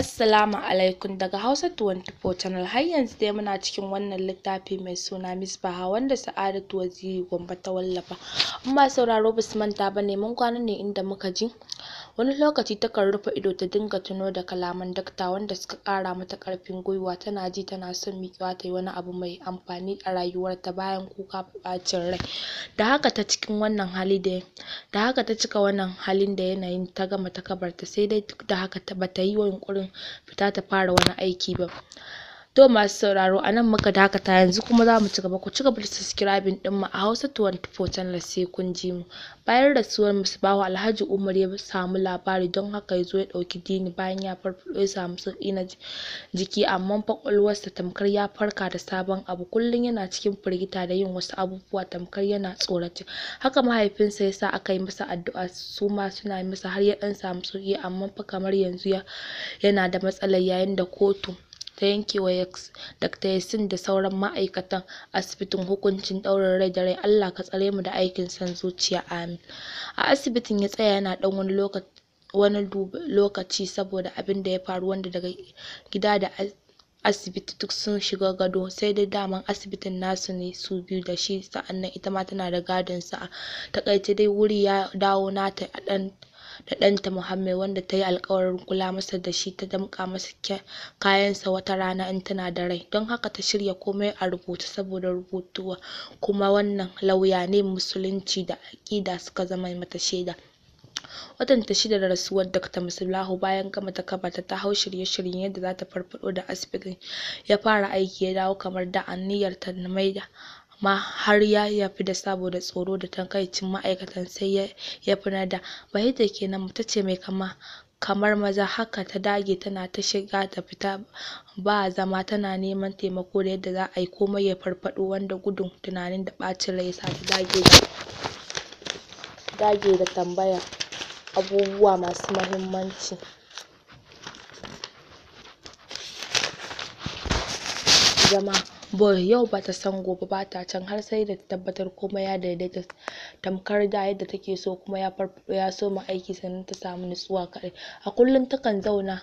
Assalamu alaikum daga Hausa 24 Channel har yanzu dai muna cikin wannan littafi mai suna Misbaha wanda Sa'adatu Waziri Gombe ta wallafa. In sauraro basu manta ba ne mun kwana ne inda muka ji wani lokaci takan rufe ido ta dinga tuno da kalaman dakta wanda suka ƙara mata karfin gwiwa tana ji tana son miƙewa ta yi wani abu mai amfani a rayuwarta bayan kuka ɓacin rai da haka ta cikin wannan hali da da haka ta cika wannan halin da yanayin ta gama ta kabarta sai dai duk da haka bata yi yunƙurin fita ta fara wani aiki ba To masu sauraro a nan muka dakata yanzu kuma za mu ci ku cigaba gaba da subscribing ɗinmu a Hausa 24 channel sai kun ji mu. Bayan rasuwar Musbahu Alhaji Umar ya samu labari don haka ya zo ya ɗauki dini bayan ya farfaɗo ya samu sauƙi na jiki amma fa tamkar ya farka da sabon abu kullum yana cikin firgita da yin wasu abubuwa tamkar yana tsorata Haka mahaifinsa ya sa aka yi masa addu'a su ma suna masa har ya ɗan samu sauƙi amma fa kamar yanzu yana da matsalar yayin da kotu ta yankewa Dr. Yasin da sauran ma'aikatan asibitin hukuncin ɗaurin rai da rai Allah ka tsare mu da aikin san zuciya amin a asibitin ya tsaya yana ɗan wani lokaci wani lokaci saboda abin da ya faru wanda daga gida da asibiti duk sun shiga gado sai dai daman asibitin nasu ne su biyu da shi sa'annan ita ma tana da gadon sa takaice dai wuri ya dawo nata a ɗan da ɗanta Muhammad wanda ta yi alkawarin kula masa da shi ta damƙa masa kayansa wata rana in tana da rai don haka ta shirya komai a rubuce saboda rubutuwa kuma wannan lauya ne musulunci da aƙida suka zama mata shaida watan ta shida da rasuwar Dr. musulahu bayan gama ta kabata ta hau shirye-shiryen yadda za ta farfado da asibiti ya fara aiki ya dawo kamar da niyyar ta na maida ma har ya yafi da saboda tsoro da tankaicin ma'aikatan sai ya yafi nada Bahijja kenan mace ce mai kama kamar maza haka ta dage tana ta shiga da fita ba zama tana neman taimako da yadda za a yi komai ya farfaɗo wanda gudun tunanin da ɓacin rai sa ta dage da dage da tambaya abubuwa masu mahimmanci zama Ball yau ba ta san gobe ba ta can har sai da ta tabbatar komai ya daidaita tamkar da yadda take so kuma ya farfaɗo ya soma aiki sannan ta samu nutsuwa kaɗai. A kullum takan zauna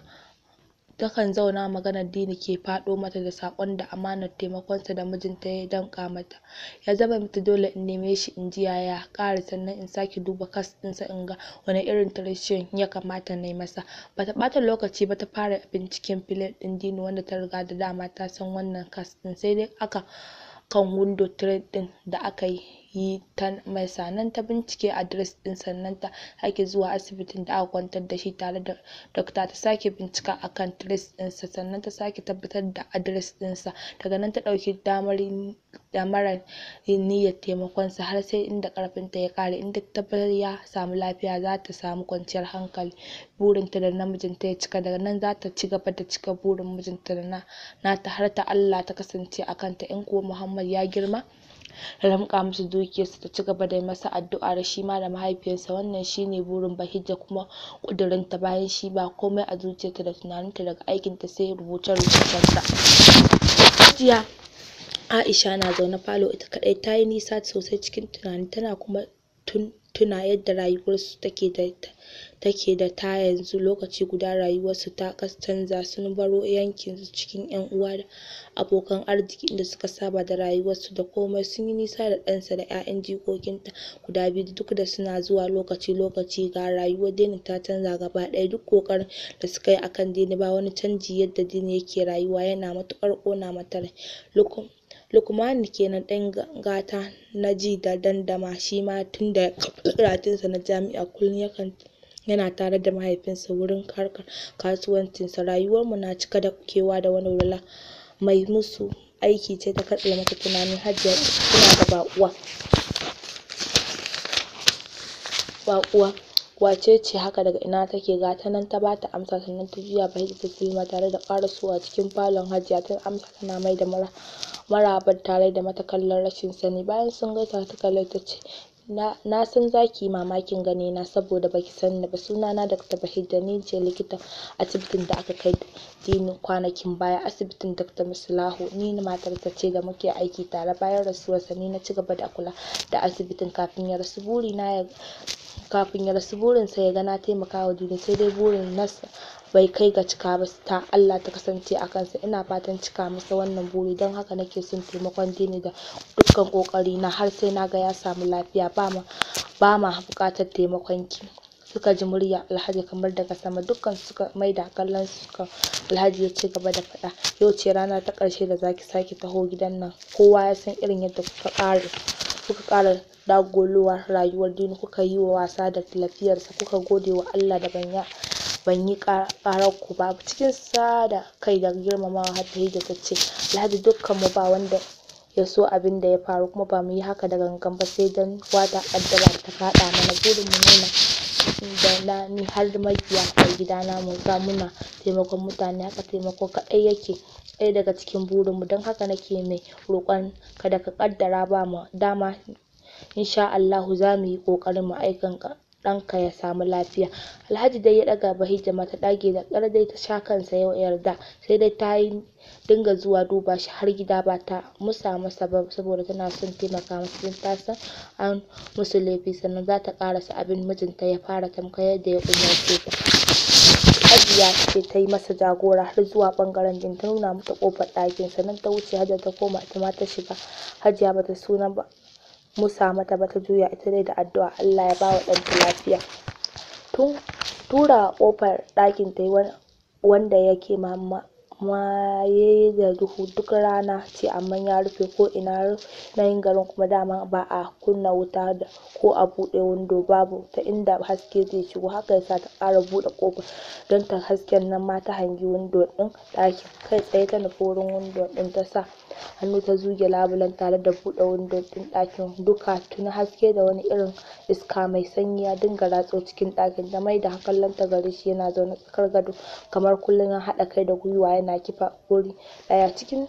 takan zauna maganar Dini ke faɗo mata da saƙon da amanar taimakonsa da mijinta ya danƙa mata. Ya zama mata dole in neme shi in ji yaya ƙara sannan in sake duba kas ɗinsa in ga wani irin tracing ya kamata na yi masa. Ba ta ɓata lokaci ba ta fara binciken filin ɗin Dini wanda ta riga da dama ta san wannan kas ɗin sai dai aka kan window tray ɗin da aka yi yi ta mai sannan ta bincike adres din sannan ta sake zuwa asibitin da aka kwantar da shi tare da dokta ta sake bincika akan trace ɗinsa sannan ta sake tabbatar da adres dinsa daga nan ta ɗauki damar damarar niyyar taimakonsa har sai inda karfinta ya kare inda tabbatar ya samu lafiya za ta samu kwanciyar hankali ta da namijin ta ya cika daga nan za ta ci gaba da cika burin mijinta da na nata har ta Allah ta kasance a kanta in kuwa Muhammad ya girma ramka musu dukiyarsu ta ci gaba da masa addu'a da shi ma da mahaifiyarsa wannan shine burin Bahijja kuma ƙudurinta bayan shi ba komai a zuciyarta da tunaninta daga aikinta sai rubuce-rubucensa. Hajiya Aisha na zaune falo ita kaɗai ta yi nisa sosai cikin tunani tana kuma tun tuna yadda rayuwarsu take da take da ta yanzu lokaci guda rayuwarsu ta canza sun baro yankin cikin yan uwa da abokan arziki da suka saba da rayuwarsu da komai sun yi nisa da ɗansa da 'ya'yan jikokinta guda biyu duk da suna zuwa lokaci-lokaci ga rayuwar daina ta canza gaba ɗaya duk ƙoƙarin da suka yi a kan ba wani canji yadda dini yake rayuwa yana matuƙar ƙona mata rai. Lukman kenan ɗan gata na ji da dandama shi ma tun da karatunsa na jami'a kullum yakan yana tare da mahaifinsa wurin harkar kasuwancinsa rayuwarmu na cika da kewa da walwala mai musu aiki ce ta katse mata tunanin hajiya tana da baƙuwa baƙuwa wace ce haka daga ina take ga ta nan ta bata amsa sannan ta juya bayan ta tare da ƙarasowa cikin falon hajjiya ta amsa tana mai da mura marabar tare da mata kallon rashin sani bayan sun gaisa ta kalle ta ce na, san za ki yi mamakin gani na saboda baki san da ba sunana Dr. da ni ce likita asibitin da aka kai dini kwanakin baya asibitin Dr. musulahu ni ta ce da muke aiki tare bayan rasuwar ni na ci gaba da kula da asibitin kafin ya rasu na ya kafin ya rasu ya ga na taimaka wa sai dai burin nasa bai kai ga cika ba ta Allah ta kasance a kansa ina fatan cika masa wannan buri don haka nake son taimakon dini da dukkan kokari na har sai na ga ya samu lafiya ba ma ba ma buƙatar taimakon ki suka ji murya alhaji kamar daga sama dukkan suka da kallon suka alhaji ya ci gaba da faɗa yau ce rana ta ƙarshe da zaki sake taho gidan nan kowa ya san irin yadda kuka ƙara kuka ƙara dagolowa rayuwar dini kuka yi wa wasa da lafiyarsa kuka gode wa Allah da ban ya ban yi ƙarar ku ba cikin sada kai da girmamawa har ta hijja ta ce dukkan mu ba wanda ya so abin da ya faru kuma ba mu yi haka da gangan ba sai dan wata kaddara ta faɗa mana burin mu nuna da na ni har mabiya a gidana mu ga muna taimakon mutane haka taimako kaɗai yake ɗaya daga cikin burin mu don haka nake mai roƙon ka da ka kaddara ba mu dama insha Allahu za mu yi ƙoƙarin mu aikan ɗanka ya samu lafiya Alhaji dai ya ɗaga Bahijama ta ɗage da ƙyar dai ta sha kansa ya yarda sai dai ta yi dinga zuwa duba shi har gida ba ta musa masa ba saboda tana son taimaka masa don ta san an musu laifi sannan za ta ƙarasa abin mijinta ya fara tamkar yadda ya umarce ta Hajiya ce ta yi masa jagora har zuwa ɓangaren din ta nuna mata ƙofar ɗakin sannan ta wuce Hajiya ta koma ita ma ta shiga Hajiya ba bata suna ba musa mata ba ta juya ita dai da addu'a Allah ya ba wa ɗanta lafiya tun tura ƙofar ɗakin ta wanda yake mama maye da duhu duk rana ce amma ya rufe ko ina na yin garin kuma dama ba a kunna wuta da ko a buɗe windo babu ta inda haske zai shigo haka yasa ta ƙara buɗe ƙofa don ta hasken nan ma ta hangi windo ɗin ɗakin kai tsaye ta nufi wurin windo ɗin ta sa hannu ta zuge labulen tare da buɗe windo ɗin ɗakin duka tuni haske da wani irin iska mai sanyi ya dinga ratso cikin ɗakin da mai da kallon ta gare shi yana zaune tsakar gado kamar kullum ya haɗa kai da gwiwa yana kifa wuri ɗaya cikin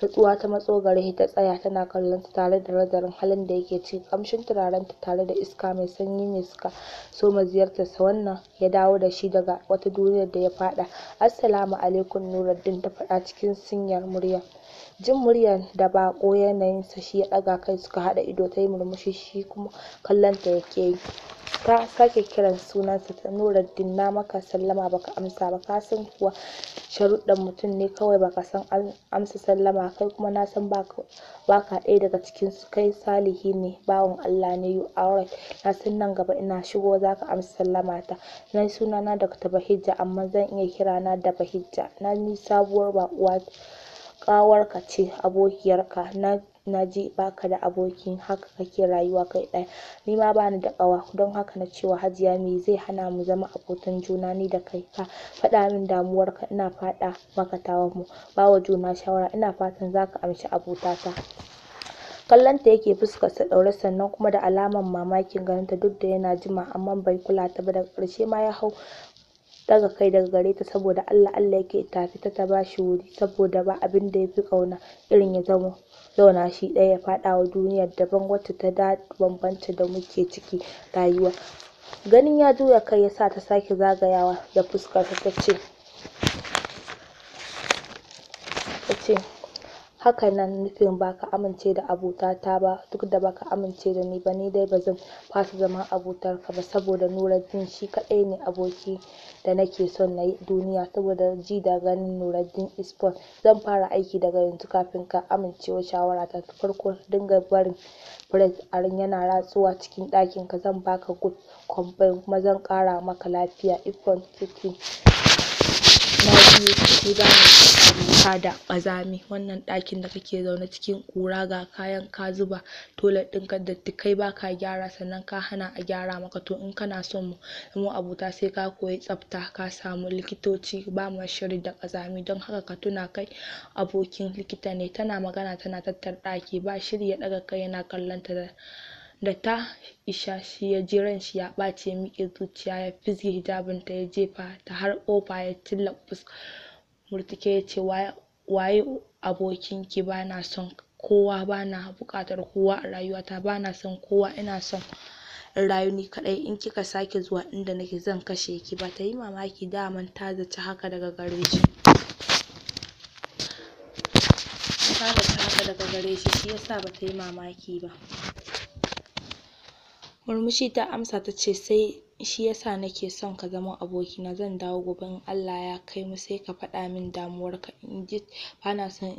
nutsuwa ta matso gare ta tsaya tana kallon ta tare da nazarin halin da yake ciki kamshin turaren ta tare da iska mai sanyi ne suka soma ziyartar sa wannan ya dawo da shi daga wata duniyar da ya fada assalamu alaikum nuruddin ta faɗa cikin sinyar murya jin muryar da baƙo yanayinsa shi ya ɗaga kai suka haɗa ido ta yi murmushi shi kuma kallon ta yake yi ta sake kiran sunansa ta Nuruddin na maka sallama baka amsa ba ka san kuwa sharuɗan mutum ne kawai baka san amsa sallama kai kuma na san baka baka ɗaya daga cikin su kai salihi ne bawan Allah ne you aure na san nan gaba ina shigo zaka amsa sallama ta na yi na Dr. Bahijja amma zan iya kirana da Bahijja na ni sabuwar baƙuwa ƙawarka ce abokiyarka na na ji baka da aboki haka kake rayuwa kai ɗaya ni ma bani da ƙawa don haka na cewa hajiya me zai hana mu zama abotan juna ni da kai ka faɗa min damuwarka ina faɗa maka tawa mu bawa juna shawara ina fatan zaka amshi abotata kallonta ta yake sa ɗaure sannan kuma da alaman mamakin ganinta duk da yana jima amma bai kula ta ba daga ƙarshe ma ya hau daga kai daga gare ta saboda Allah Allah yake ta fita ta bashi wuri saboda ba abin da yafi kauna irin ya zama zauna shi ɗaya ya faɗawa duniya daban wacce ta da bambanta da muke ciki rayuwa ganin ya juya kai yasa ta sake zagayawa da fuskar ta tace tace haka nan nufin baka amince da abota ta ba duk da baka amince da ni ba ni dai bazan fasa zama abotar ka ba saboda nuraddin shi kaɗai ne aboki da nake son na duniya saboda ji da ganin Nuruddin is zan fara aiki daga yanzu kafin ka amincewa shawara ta farko dinga barin bread arin yana ratsuwa cikin ɗakin ka zan baka good combine kuma zan kara maka lafiya ifon kiki na biyu shi ba ka da ƙazami wannan ɗakin da kake zaune cikin ƙura ga kayan ka zuba ɗin ɗinka datti kai baka gyara sannan ka hana a gyara maka to in kana son mu abota sai ka koyi tsafta ka samu likitoci ba shiri da ƙazami don haka ka tuna kai abokin likita ne tana magana tana tattara ɗaki ba shiri ya ɗaga kai yana kallon ta da ta isha shi ya ji ran shi ya ɓace miki zuciya ya fizge hijabin ta ya jefa ta har ƙofa ya cilla fuska murtuke ya ce waye abokinki ba na son kowa ba na buƙatar kowa a rayuwata bana son kowa ina son in rayu ni kaɗai in kika sake zuwa inda nake zan kashe ki ba ta yi mamaki daman ta zaci haka daga gare shi ta zaci haka daga gare shi shi yasa ba ta yi mamaki ba murmushi ta amsa ta ce sai shi yasa nake son ka zama abokina zan dawo gobe in Allah ya kai mu sai ka faɗa min damuwarka ji bana son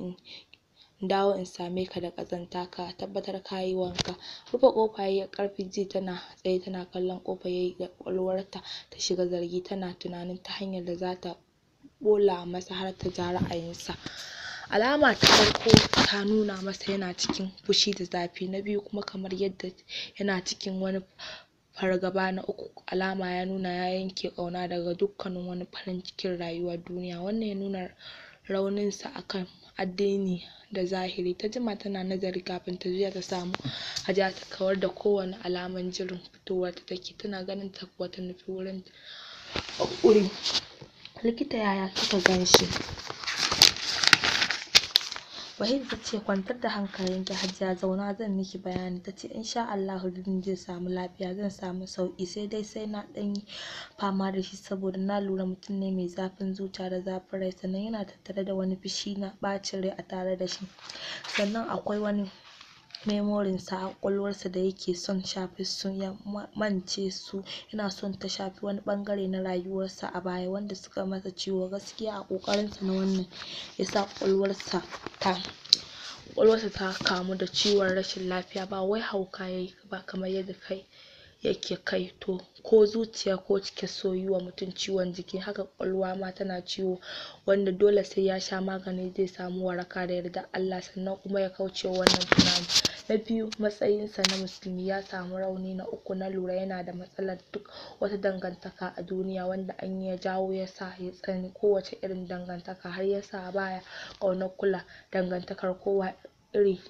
in dawo in same ka da ƙazanta ka tabbatar ka yi wanka rufe ƙofa yayi ƙarfi ji tana tsaye tana kallon ƙofar yayi da ƙwaƙwalwarta ta shiga zargi tana tunanin ta hanyar da za ta ɓola masa har ta ja ra'ayinsa alama ta farko ta nuna masa yana cikin fushi da zafi na biyu kuma kamar yadda yana cikin wani Fargaba na uku alama ya nuna ya yanke ƙauna daga dukkanin wani farin cikin rayuwa duniya wannan ya nuna rauninsa akan addini da zahiri ta jima tana nazari kafin ta juya ta samu haja ta kawar da kowane alaman jirin fitowar ta take tana ganin ta kuwa ta nufi wurin hakuri likita yaya kika gan shi wahid ta ce kwantar da hankalinki Hajiya zauna zan miki bayani ta ce insha Allah Rubin zai samu lafiya zan samu sauƙi sai dai sai na ɗan yi fama da shi saboda na lura mutum ne mai zafin zuciya da zafin rai sannan yana tattare da wani fushi na ɓacin rai a tare da shi sannan akwai wani memorinsa a ƙwaƙwalwarsa da yake son shafe su ya mance su yana son ta shafi wani bangare na rayuwarsa a baya wanda suka masa ciwo gaskiya a ƙoƙarinsa na wannan ya sa ƙwaƙwalwarsa ta ƙwaƙwalwarsa ta kamu da ciwon rashin lafiya ba wai hauka ya yi ba kamar yadda kai yake kaito ko zuciya ko cike so yi wa mutum ciwon jiki haka ƙwaƙwalwa ma tana ciwo wanda dole sai ya sha magani zai samu waraka da yarda Allah sannan kuma ya kauce wa wannan tunani na biyu matsayinsa na musulmi ya samu rauni na uku na lura yana da matsalar duk wata dangantaka a duniya wanda an ya jawo ya sa ya tsani kowace irin dangantaka har ya sa baya ƙaunar kula dangantakar kowa iri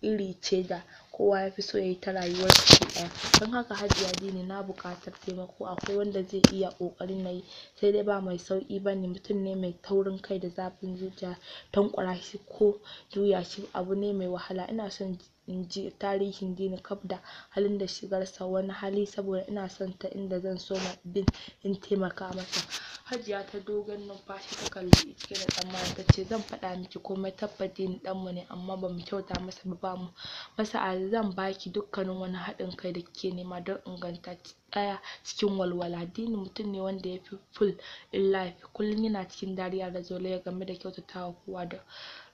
iri ce da kowa ya fi so ya yi ta rayuwar shi ɗaya don haka hajji hajiya dini na buƙatar taimako akwai wanda zai iya ƙoƙarin na yi sai dai ba mai sauƙi ba ne mutum ne mai taurin kai da zafin zuciya tanƙwara shi ko juya shi abu ne mai wahala ina son in ji tarihin dini kaf da halin da shigar sa wani hali saboda ina son ta inda zan so ma bin in taimaka masa Hajiya ta dogon numfashi ta kalli cike da tsammani ta ce zan faɗa miki komai ni ɗanmu ne amma ba mu kyauta masa ba bamu masa zan baki dukkanin wani haɗin kai da kike nema don inganta tsaya cikin walwala Dini mutum ne wanda ya fi full in life kullum yana cikin dariya da zolaya game da kyautatawa kowa da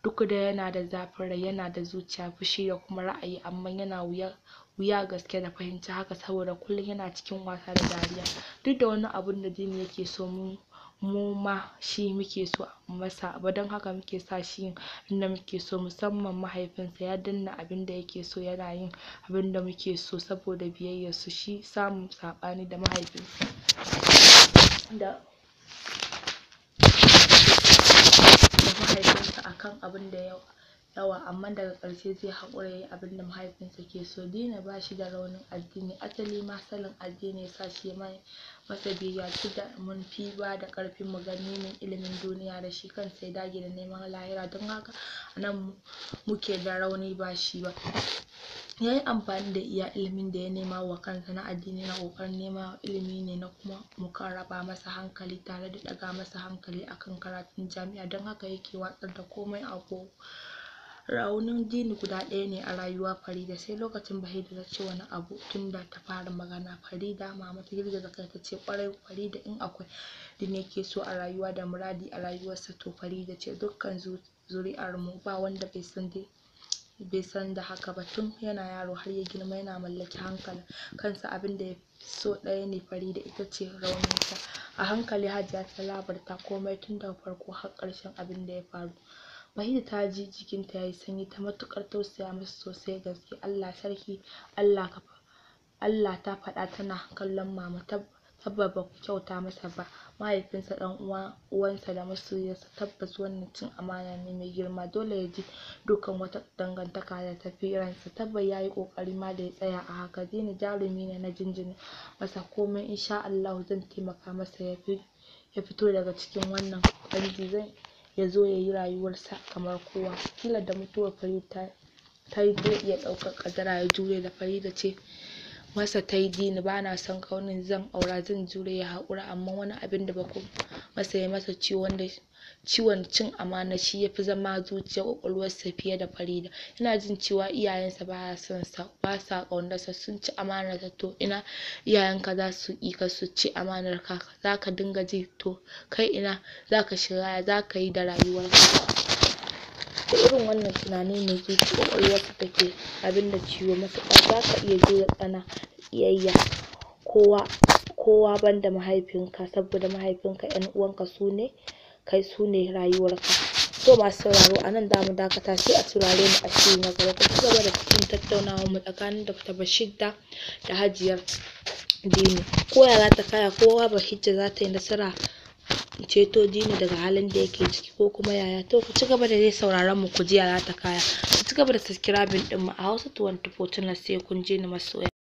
duk da yana da zafin rai yana da zuciya fushi da kuma ra'ayi amma yana wuya wuya gaske da fahimci haka saboda kullum yana cikin wasa da dariya duk da wani abun da Dini yake so mun mu ma shi muke so a masa ba don haka muke sa shi yin abinda muke so musamman mahaifinsa ya danne abinda yake so yana yin abinda muke so saboda biyayyarsu shi samun saɓani da mahaifinsa da da mahaifinsa akan abinda ya yawa amma daga ƙarshe zai haƙura yayi abin da mahaifinsa ke so Dina ba shi da raunin addini asali ma sanin addini ya sa shi ma masa biyayya duk da mun fi ba da ƙarfin mu gani mun ilimin duniya da shi kansa ya dage da neman lahira don haka a nan muke da rauni ba shi ba ya yi amfani da iya ilimin da ya nema wa kansa na addini na ƙoƙarin nema ilimi ne na kuma mukarraba masa hankali tare da ɗaga masa hankali akan karatun jami'a don haka yake watsar da komai a raunin Dini guda ɗaya ne a rayuwa Farida sai lokacin bahida ta ce wani abu tun da ta fara magana Farida mama ta girgiza kai ta ce ƙwarai Farida in akwai Dini yake so a rayuwa da muradi a rayuwarsa to Farida ce dukkan zuri'ar mu ba wanda bai san dai bai san da haka ba tun yana yaro har ya girma yana mallaki hankalin kansa abin da ya so ɗaya ne Farida ita ce rauninta a hankali Hajiya ta labarta komai tun daga farko har ƙarshen abin da ya faru Mahida ta ji jikinta ya yi sanyi ta matuƙar tausaya masa sosai gaske Allah sarki Allah ka Allah ta faɗa tana kallon mama tabbas ba ku kyauta masa ba mahaifinsa ɗan uwa uwansa da masoyinsa tabbas wannan cin amana ne mai girma dole ya ji dukan wata dangantaka da tafi ransa tabbas ya yi ƙoƙari ma da ya tsaya a haka dini jarumi ne na jinjina masa komai insha Allahu zan taimaka masa ya fito daga cikin wannan ƙangi zan ya zo ya yi rayuwarsa kamar kowa kila da mutuwar Farida ta yi zai iya ɗaukar ƙadara ya jure da Farida ce masa ta yi dini ba na son ka zan aura zan jure ya haƙura amma wani abin da ba ku masa ya masa ciwo wanda ciwon cin amana shi ya fi zama zuciyar ƙwaƙwalwarsa fiye da Farida. ina jin cewa iyayensa ba sa son sa, ba sa ƙaunarsa, sun ci amanar amanarsa to ina iyayenka za su yi ka su ci ka za ka dinga ji to kai ina za ka shiga za ka yi da ka. Da irin wannan tunani ne zuciyar ƙwaƙwalwarsa take abin da ciwo matuƙa za ka iya jure tsana ƙiyayya kowa kowa banda mahaifinka saboda mahaifinka yan uwanka su ne kai su ne rayuwarka to masu sauraro a nan damu dakata sai a turare mu a shiri na gaba ku ci gaba da cikin tattaunawa mu tsakanin Dr. Bashir da Hajiyar Dini ko ya ta kaya kowa Bahijja za ta yi nasara ceto Dini daga halin da yake ciki ko kuma yaya to ku ci gaba da dai sauraron mu ku ji ya za ta kaya ku ci gaba da subscribing din a Hausa 2014 sai kun je ni masoya